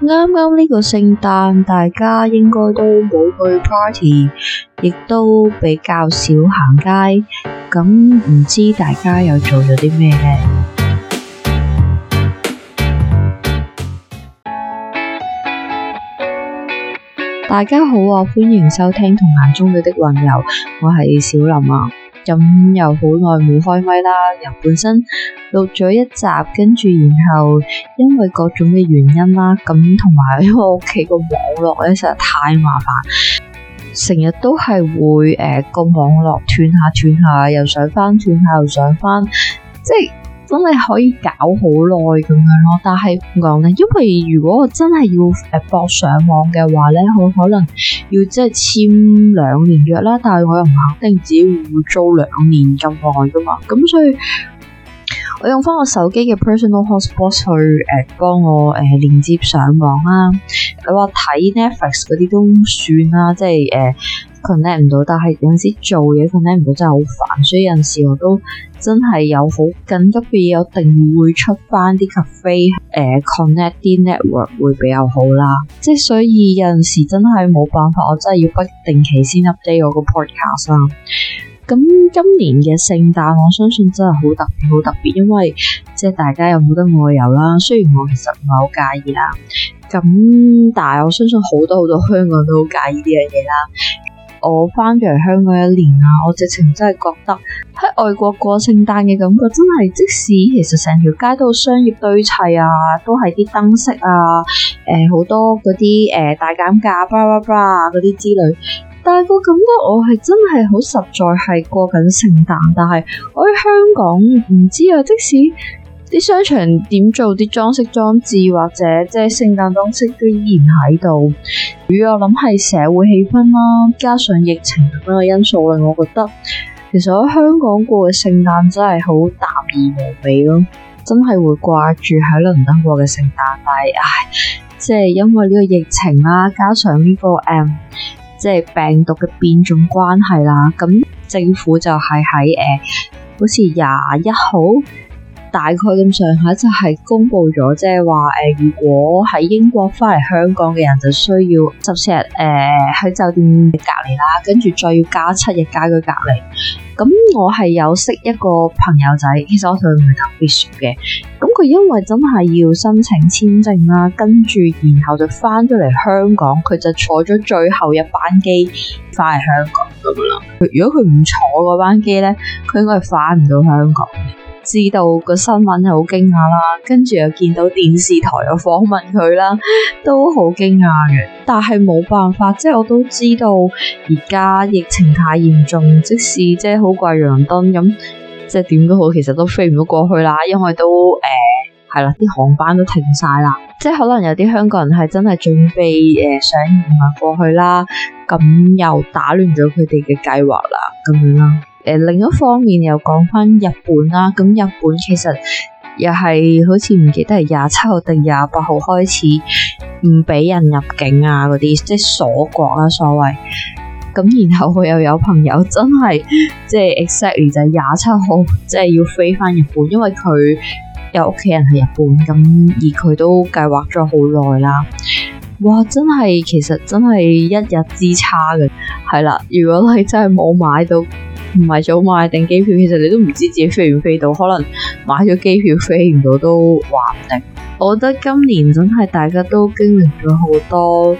啱啱呢個聖誕，大家應該都冇去 party，亦都比較少行街。咁唔知大家又做咗啲咩咧？大家好啊，歡迎收聽《童顏中隊的雲遊》，我係小林啊。咁、嗯、又好耐冇開麥啦，又本身錄咗一集，跟住然後因為各種嘅原因啦，咁同埋因為我屋企個網絡咧，實在太麻煩，成日都係會誒個、呃、網絡斷下斷下，又上翻斷下又上翻，即係。真係可以搞好耐咁樣咯，但係點講咧？因為如果我真係要誒搏上網嘅話咧，我可能要即係簽兩年約啦。但係我又唔肯定自己會租兩年咁耐噶嘛。咁所以我用翻我手機嘅 personal hotspot 去誒，幫、呃、我誒、呃、連接上網啦。佢、呃、話睇 Netflix 嗰啲都算啦，即係誒。呃 connect 唔到，但係有陣時做嘢 connect 唔到，真係好煩。所以有陣時我都真係有好緊急嘅嘢，我定會出翻啲 cafe 誒 connect 啲 network 會比較好啦。即係所以有陣時真係冇辦法，我真係要不定期先 update 我個 podcast 啦。咁今年嘅聖誕，我相信真係好特別，好特別，因為即係大家有冇得外遊啦。雖然我其實唔係好介意啦，咁但係我相信好多好多香港都好介意呢樣嘢啦。我翻咗嚟香港一年啊，我直情真係覺得喺外國過聖誕嘅感覺真係，即使其實成條街都商業堆砌啊，都係啲燈飾啊，誒、呃、好多嗰啲誒大減價啊，叭叭叭啊嗰啲之類，但係個感覺我係真係好實在係過緊聖誕，但係我喺香港唔知啊，即使。啲商場點做啲裝飾裝置，或者即係聖誕裝飾都依然喺度。如果我諗係社會氣氛啦，加上疫情咁樣嘅因素啦。我覺得其實喺香港過嘅聖誕真係好淡而無味咯，真係會掛住喺倫敦過嘅聖誕。但係唉，即係因為呢個疫情啦、啊，加上呢、這個誒、呃，即係病毒嘅變種關係啦，咁政府就係喺誒，好似廿一號。大概咁上下就係、是、公布咗，即係話誒，如果喺英國翻嚟香港嘅人就需要十四日誒喺酒店隔離啦，跟住再要加七日家居隔離。咁我係有識一個朋友仔，其實我同佢唔係特別熟嘅。咁佢因為真係要申請簽證啦，跟住然後就翻咗嚟香港，佢就坐咗最後一班機翻嚟香港咁啦。如果佢唔坐嗰班機咧，佢應該係翻唔到香港。知道個新聞係好驚訝啦，跟住又見到電視台又訪問佢啦，都好驚訝嘅。但係冇辦法，即係我都知道而家疫情太嚴重，即使即係好掛住倫敦咁，即係點都好，其實都飛唔到過去啦，因為都誒係、呃、啦，啲航班都停晒啦。即係可能有啲香港人係真係準備誒上、呃、移民過去啦，咁又打亂咗佢哋嘅計劃啦，咁樣啦。另一方面又講返日本啦、啊，咁日本其實又係好似唔記得係廿七號定廿八號開始唔俾人入境啊，嗰啲即係鎖國啦、啊，所謂咁。然後我又有朋友真係即係 exactly 就係廿七號即係要飛翻日本，因為佢有屋企人喺日本咁，而佢都計劃咗好耐啦。哇，真係其實真係一日之差嘅係啦。如果你真係冇買到。唔係早買定機票，其實你都唔知自己飛唔飛到，可能買咗機票飛唔到都話唔定。我覺得今年真係大家都經歷咗好多，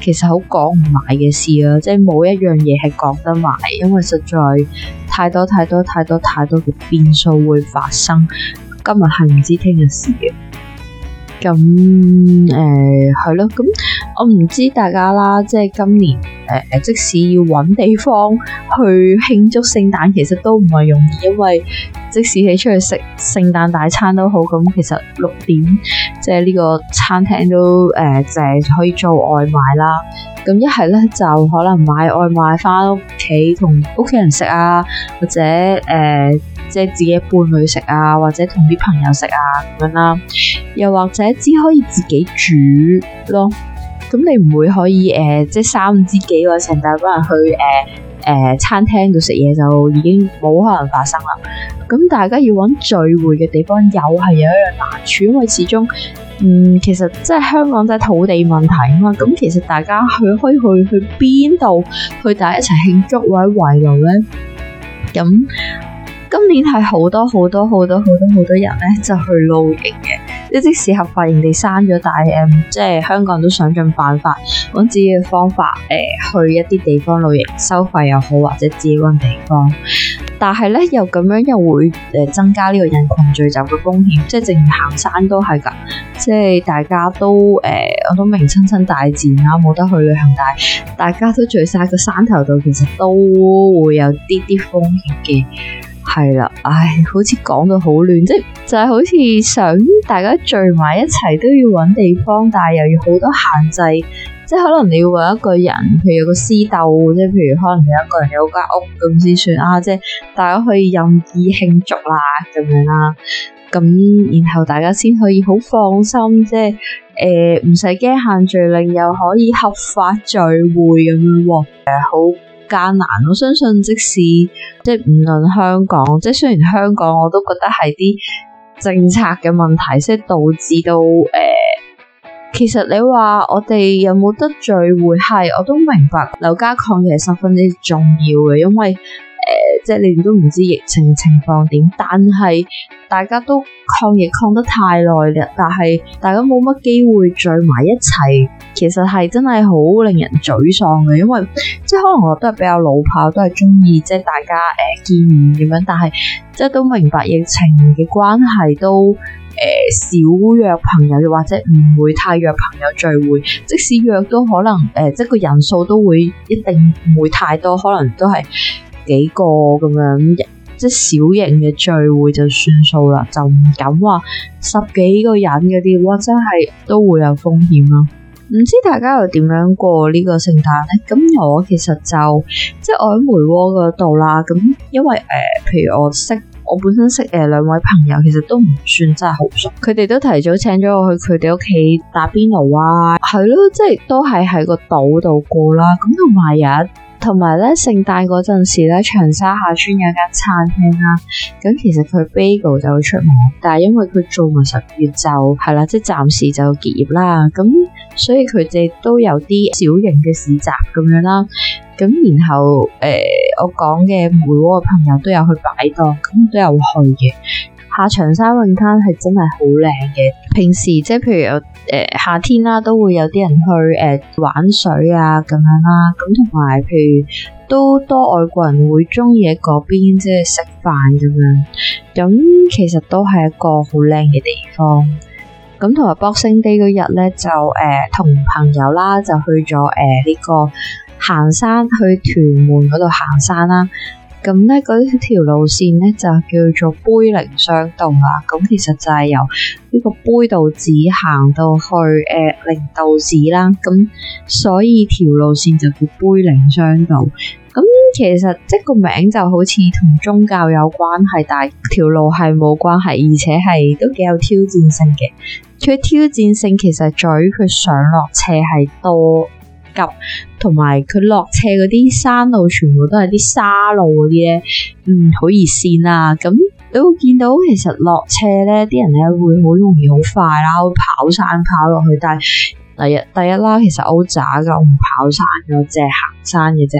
其實好講唔埋嘅事啦，即係冇一樣嘢係講得埋，因為實在太多太多太多太多嘅變數會發生，今日係唔知聽日事嘅。咁誒、係、呃、咯，咁我唔知大家啦，即今年。即使要揾地方去慶祝聖誕，其實都唔係容易，因為即使你出去食聖誕大餐都好，咁其實六點即係呢個餐廳都誒、呃，就係、可以做外賣啦。咁一係呢，就可能買外賣翻屋企同屋企人食啊，或者誒、呃，即係自己伴侶食啊，或者同啲朋友食啊咁樣啦，又或者只可以自己煮咯。咁你唔會可以，呃、即三五知己個程度，可能去餐廳度食嘢就已經冇可能發生啦。咁大家要揾聚會嘅地方，又係有一樣難處，因為始終，嗯，其實即係香港即係土地問題嘛。咁其實大家去可以去去邊度去大家一齊慶祝或者圍爐呢？咁今年係好多好多好多好多好多人咧，就去露營嘅。即係適時合發人地刪咗大 M，即係香港人都想盡辦法揾自己嘅方法，誒、呃、去一啲地方露營，收費又好或者自己揾地方，但係呢，又咁樣又會誒增加呢個人群聚集嘅風險，即係正如行山都係㗎，即係大家都誒、呃、我都明親親大自然冇得去旅行，但係大家都聚曬個山頭度，其實都會有啲啲風險嘅。係啦，唉，好似講到好亂，即係就係好似想大家聚埋一齊都要搵地方，但係又要好多限制，即可能你要搵一個人，佢有個私竇，即譬如可能有一個人有間屋咁先算啊，即大家可以任意慶祝啦，咁樣啦，咁然後大家先可以好放心，即係誒唔使驚限聚令，又可以合法聚會咁樣喎，好。艱難，我相信即使即唔論香港，即雖然香港，我都覺得係啲政策嘅問題，即導致到誒、呃，其實你話我哋有冇得聚會，係我都明白，留家抗疫其實十分之重要嘅，因為，誒、呃，即係你哋都唔知疫情情況點，但係大家都抗疫抗得太耐啦。但係大家冇乜機會聚埋一齊，其實係真係好令人沮喪嘅。因為即係可能我都係比較老炮，我都係中意即係大家誒、呃、見面咁樣，但係即係都明白疫情嘅關係都，都誒少約朋友，或者唔會太約朋友聚會。即使約都可能誒、呃，即係個人數都會一定唔會太多，可能都係。幾個咁樣，即小型嘅聚會就算數啦，就唔敢話十幾個人嗰啲，哇真係都會有風險咯。唔知大家又點樣過呢個聖誕咧？咁我其實就即我喺梅窩嗰度啦。咁因為誒，譬如我識我本身識誒兩位朋友，其實都唔算真係好熟，佢哋都提早請咗我去佢哋屋企打邊爐啊。係咯，即都係喺個島度過啦。咁同埋有一。同埋咧，聖誕嗰陣時咧，長沙下村有一間餐廳啦，咁其實佢 bagel 就會出名，但係因為佢做埋十月就，係啦，即係暫時就結業啦，咁所以佢哋都有啲小型嘅市集咁樣啦，咁然後誒、呃，我講嘅梅窩嘅朋友都有去擺檔，咁都有去嘅。下長沙泳灘係真係好靚嘅，平時即係譬如誒、呃、夏天啦，都會有啲人去誒、呃、玩水啊咁樣啦，咁同埋譬如都多外國人會中意喺嗰邊即係食飯咁樣，咁其實都係一個好靚嘅地方。咁同埋 boxing day 嗰日呢，就誒同、呃、朋友啦，就去咗誒呢個行山去屯門嗰度行山啦。咁咧，嗯那個、條路線咧就叫做杯靈雙渡啦。咁、嗯、其實就係由呢個杯渡寺行到去誒、呃、靈渡寺啦。咁、嗯、所以條路線就叫杯靈雙渡。咁、嗯、其實即、就是、個名字就好似同宗教有關係，但係條路係冇關係，而且係都幾有挑戰性嘅。佢挑戰性其實在於佢上落斜係多。同埋佢落車嗰啲山路，全部都係啲沙路嗰啲咧，嗯，好易跣啊！咁你會見到其會跑跑，其實落車咧，啲人咧會好容易好快啦，會跑山跑落去。但係第一第一啦，其實好渣噶，我唔跑山噶，淨係行山嘅啫。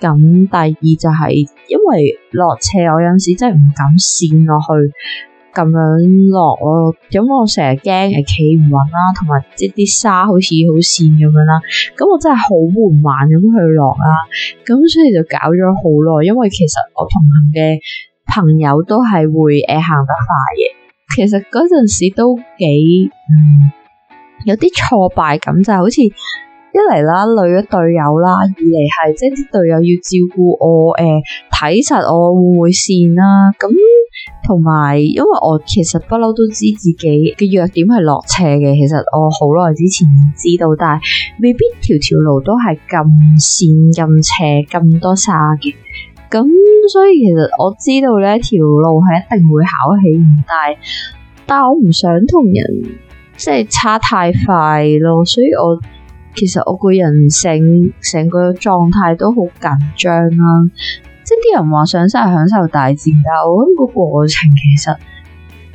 咁第二就係因為落車，我有陣時真係唔敢跣落去。咁樣落咯，咁我成日驚誒企唔穩啦，同埋即啲沙好似好跣咁樣啦，咁我真係好緩慢咁去落啦，咁所以就搞咗好耐，因為其實我同行嘅朋友都係會誒行得快嘅，其實嗰陣時都幾、嗯、有啲挫敗感，就、好似一嚟啦累咗隊友啦，二嚟係即係啲隊友要照顧我，誒、呃、睇實我會唔會跣啦，咁。同埋，因為我其實不嬲都知自己嘅弱點係落斜嘅。其實我好耐之前知道，但係未必條條路都係咁跣，咁斜，咁多沙嘅。咁所以其實我知道呢條路係一定會考起，唔大，但係我唔想同人即係差太快咯。所以我其實我個人成成個狀態都好緊張啦。即啲人話上山係享受大自然，但我諗個過程其實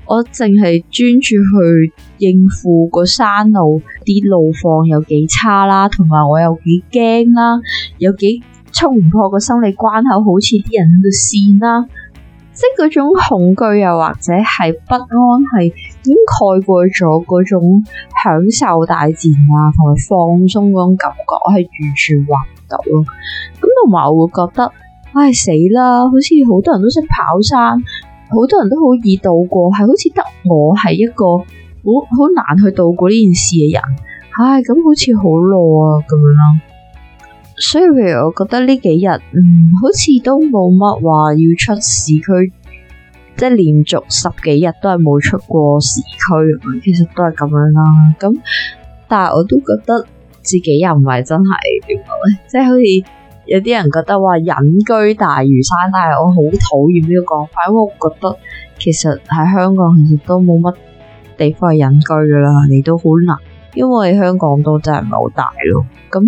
我淨係專注去應付個山路啲路況有幾差啦，同埋我有幾驚啦，有幾衝唔破個心理關口，好似啲人喺度跣啦，即係嗰種恐懼又，啊、或者係不安，係已經蓋過咗嗰種享受大自然啊同埋放鬆嗰種感覺，我係完全畫唔到咯。咁同埋我會覺得。唉死啦！好似好多人都識跑山，好多人都好易渡過，係好似得我係一個好好難去渡過呢件事嘅人。唉，咁好似好懶啊咁樣咯。所以譬如我覺得呢幾日，嗯，好似都冇乜話要出市區，即係連續十幾日都係冇出過市區。其實都係咁樣啦。咁但係我都覺得自己又唔係真係點講咧，即係好似。有啲人覺得話隱居大嶼山，但係我好討厭呢個講法，因為我覺得其實喺香港其實都冇乜地方去隱居噶啦，你都好難，因為香港都真係唔係好大咯。咁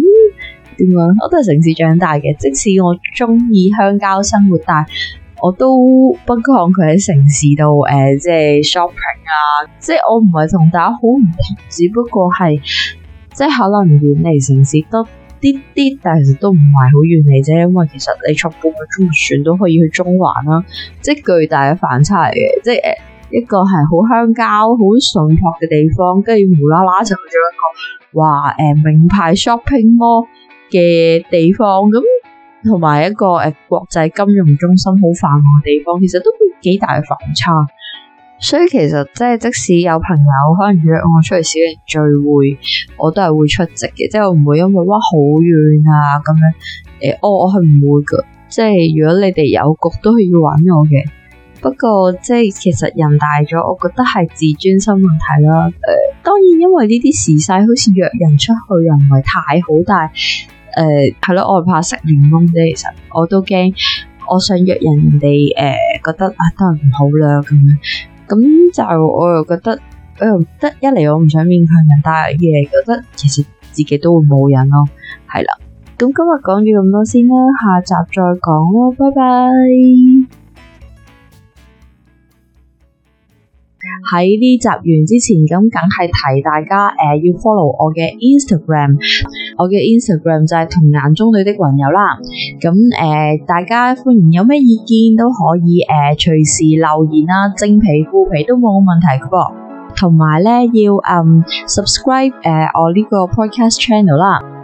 點講我都係城市長大嘅，即使我中意鄉郊生活，但係我都不抗拒喺城市度誒、呃，即係 shopping 啊，即係我唔係同大家好唔同，只不過係即係可能遠離城市都。啲啲，但係其實都唔係好遠嚟啫，因為其實你坐半個鐘船都可以去中環啦，即巨大的反差嚟嘅，即一個係好鄉郊、好淳樸嘅地方，跟住無啦啦就去咗一個話名牌 shopping mall 嘅地方，咁同埋一個誒國際金融中心好繁華嘅地方，其實都幾大的反差。所以其實即係，即使有朋友可能約我出去小型聚會，我都係會出席嘅，即係我唔會因為哇好遠啊咁樣。誒，哦，我我係唔會嘅。即係如果你哋有局都係要搵我嘅。不過即係其實人大咗，我覺得係自尊心問題啦。誒，呃，當然因為呢啲時勢，好似約人出去又唔係太好，但係誒係咯，我怕食檸檬啫。其實我都驚，我想約人哋誒，呃，覺得啊都係唔好啦咁樣。咁就我又覺得，覺得一嚟我唔想勉強人，但係二嚟覺得其實自己都會冇人咯、啊，係啦。咁今日講住咁多先啦，下集再講咯，拜拜。喺呢集完之前，咁梗係提大家，呃、要 follow 我嘅 Instagram，我嘅 Instagram 就係、是、童顏中女的朋友啦。咁、呃、大家歡迎，有咩意見都可以誒、呃，隨時留言啦，正皮負皮都冇問題噶噃。同埋呢，要、嗯、subscribe、呃、我呢個 podcast channel 啦。